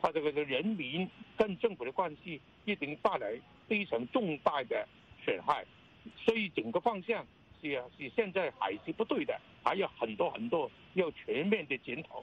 他這個人民跟政府的關係，一定帶來非常重大的損害，所以整個方向是啊，是現在還是不對的，還有很多很多要全面的檢討。